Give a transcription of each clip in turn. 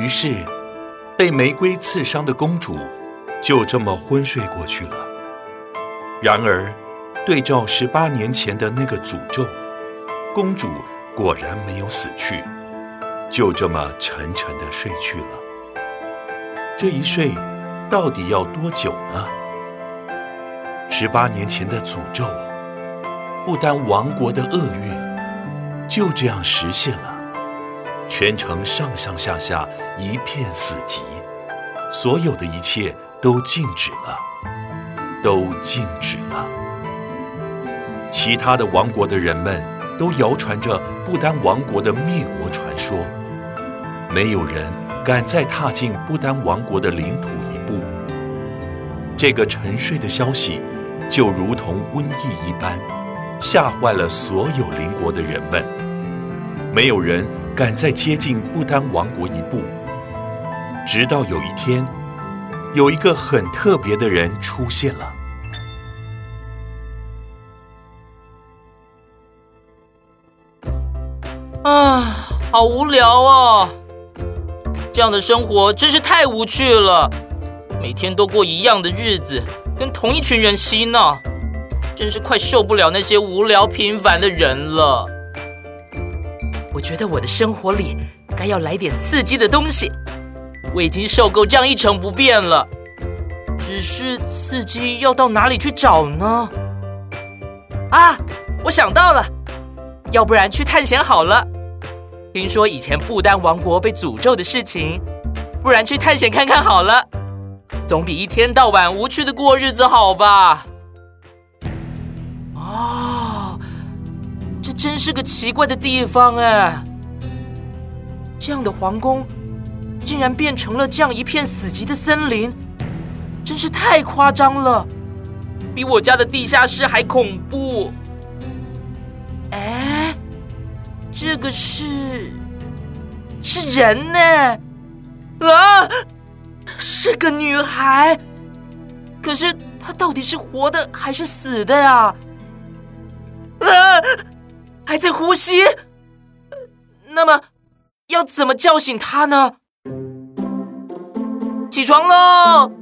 於是，被玫瑰刺傷的公主就這麼昏睡過去了。然而，對照十八年前的那個詛咒，公主果然沒有死去，就這麼沉沉的睡去了。這一睡，到底要多久呢？十八年前的詛咒，不丹王國的厄運就這樣實現了。全城上上下下一片死寂，所有的一切都靜止了，都靜止了。其他的王國的人們都謠傳着不丹王國的滅國傳說，沒有人敢再踏進不丹王國的領土一步。這個沉睡的消息，就如同瘟疫一般，嚇壞了所有鄰國的人們，沒有人。敢再接近不丹王國一步。直到有一天，有一個很特別的人出現了。啊，好無聊哦！這樣的生活真是太無趣了，每天都過一樣的日子，跟同一群人嬉鬧，真是快受不了那些無聊平凡的人了。我覺得我的生活裡該要來點刺激的東西，我已經受夠這樣一成不變了。只是刺激要到哪裡去找呢？啊，我想到了，要不然去探險好了。聽說以前不丹王國被詛咒的事情，不然去探險看看好了，總比一天到晚無趣的過日子好吧。真是個奇怪的地方哎！啊！這樣的皇宮，竟然變成了這樣一片死寂的森林，真是太誇張了，比我家的地下室還恐怖。哎，這個是是人呢？啊，是個女孩，可是她到底是活的還是死的呀？啊！還在呼吸，那麼要怎麼叫醒他呢？起床嘍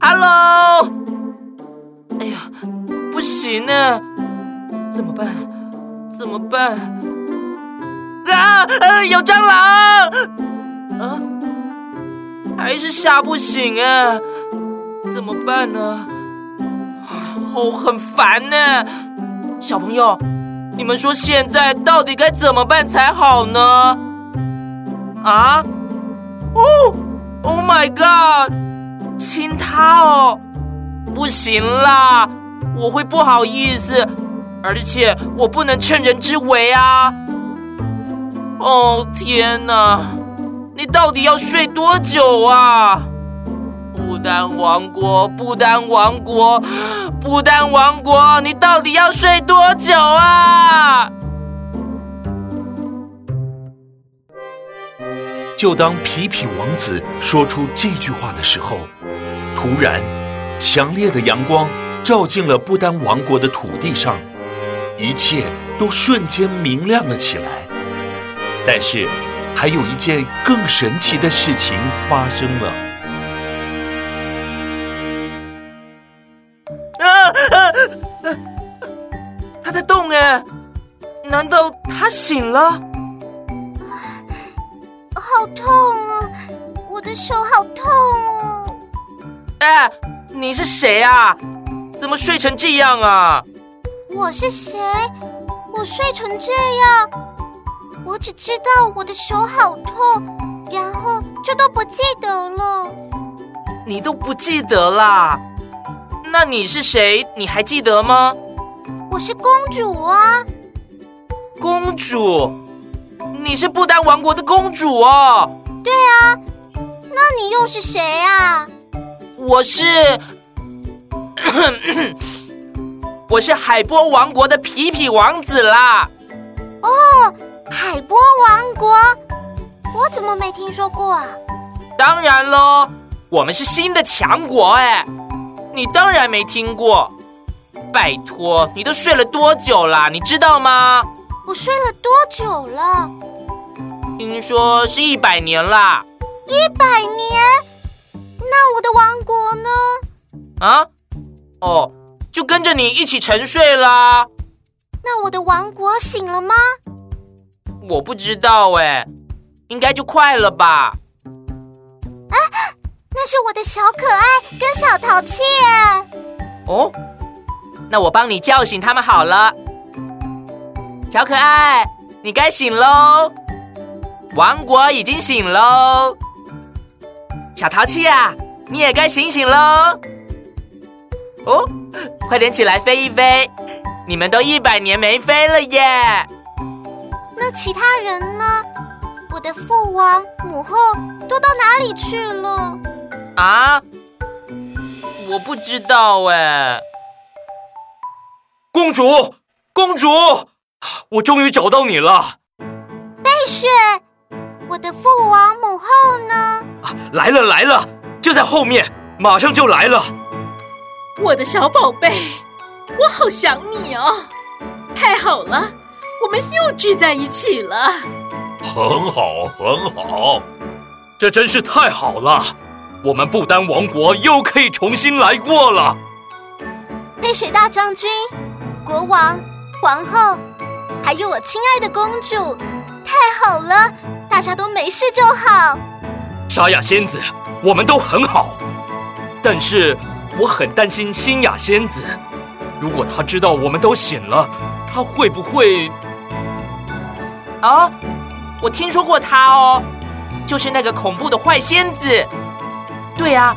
！Hello！哎呀，不行呢、啊，怎麼辦？怎麼辦？啊！呃、有蟑螂！啊？還是嚇不醒啊？怎麼辦呢？哦，很煩呢、啊，小朋友。你們說現在到底該怎麼辦才好呢？啊！哦，Oh my God！親他哦，不行啦，我會不好意思，而且我不能趁人之危啊！哦，天哪，你到底要睡多久啊？不丹王國，不丹王國，不丹王國，你到底要睡多久啊？就當皮皮王子說出這句話的時候，突然，強烈的陽光照進了不丹王國的土地上，一切都瞬間明亮了起來。但是，還有一件更神奇的事情發生了。他在動哎，難道他醒了啊？好痛啊，我的手好痛哦啊！哎，你是誰啊？怎麼睡成這樣啊？我是誰？我睡成這樣，我只知道我的手好痛，然後就都不記得了。你都不記得啦？那你是誰？你還記得嗎？是公主啊！公主，你是不丹王國的公主哦啊。對啊，那你又是誰啊？我是咳咳，我是海波王國的皮皮王子啦。哦，海波王國，我怎麼沒聽說過啊？當然嘍，我們是新的強國哎，你當然沒聽過。拜託，你都睡了多久啦？你知道嗎？我睡了多久了？聽說是一百年啦。一百年？那我的王國呢？啊？哦，就跟着你一起沉睡啦。那我的王國醒了嗎？我不知道哎，應該就快了吧。啊！那是我的小可愛跟小淘氣啊。哦。那我幫你叫醒他們好了，小可愛，你該醒嘍！王國已經醒嘍，小淘氣啊，你也該醒醒嘍！哦，快點起來飛一飛，你們都一百年沒飛了耶！那其他人呢？我的父王、母後都到哪裡去了？啊，我不知道哎。公主，公主，我終於找到你了。貝雪，我的父王母後呢？啊，來了來了，就在後面，馬上就來了。我的小寶貝，我好想你哦。太好了，我們又聚在一起了。很好，很好，這真是太好了，我們不丹王國又可以重新來過了。貝雪大將軍。國王、皇後，還有我親愛的公主，太好了，大家都沒事就好。沙雅仙子，我們都很好，但是我很擔心心雅仙子。如果她知道我們都醒了，她會不會……啊、哦，我聽說過她哦，就是那個恐怖的壞仙子。對啊，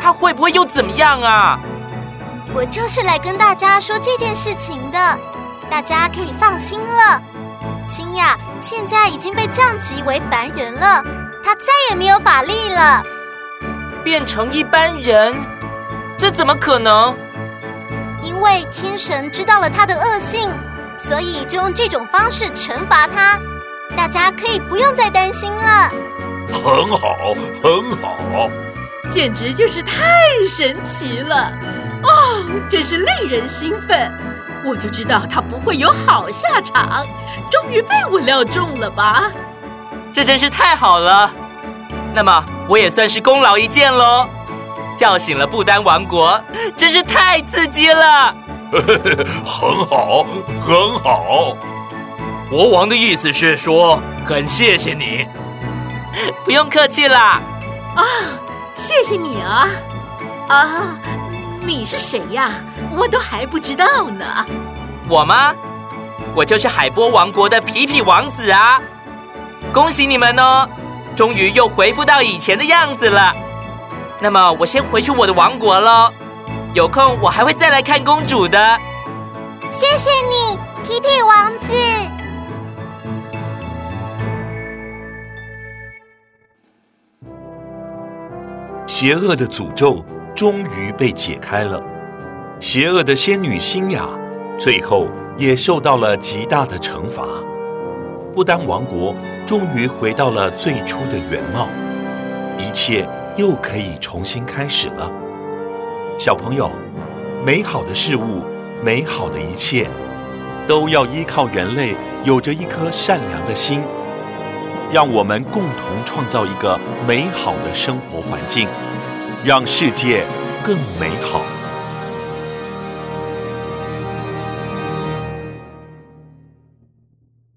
她會不會又怎麼樣啊？我就是來跟大家說這件事情的，大家可以放心了。青雅現在已經被降級為凡人了，他再也沒有法力了，變成一般人。這怎麼可能？因為天神知道了他的惡性，所以就用這種方式懲罰他。大家可以不用再擔心了。很好，很好，簡直就是太神奇了。哦，真是令人興奮！我就知道他不會有好下場，終於被我料中了吧？這真是太好了！那麼我也算是功勞一件嘍，叫醒了不丹王國，真是太刺激了！ 很好，很好。國王的意思是說，很謝謝你。 不用客氣啦。啊、哦，謝謝你啊，啊。你是誰呀？我都還不知道呢。我嗎？我就是海波王國的皮皮王子啊！恭喜你們哦，終於又恢復到以前的樣子了。那麼我先回去我的王國嘍。有空我還會再來看公主的。謝謝你，皮皮王子。邪惡的詛咒，終於被解開了，邪惡的仙女辛雅，最後也受到了極大的懲罰。不丹王國終於回到了最初的原貌，一切又可以重新開始了。小朋友，美好的事物，美好的一切，都要依靠人類有着一顆善良的心。讓我們共同創造一個美好的生活環境，讓世界更美好。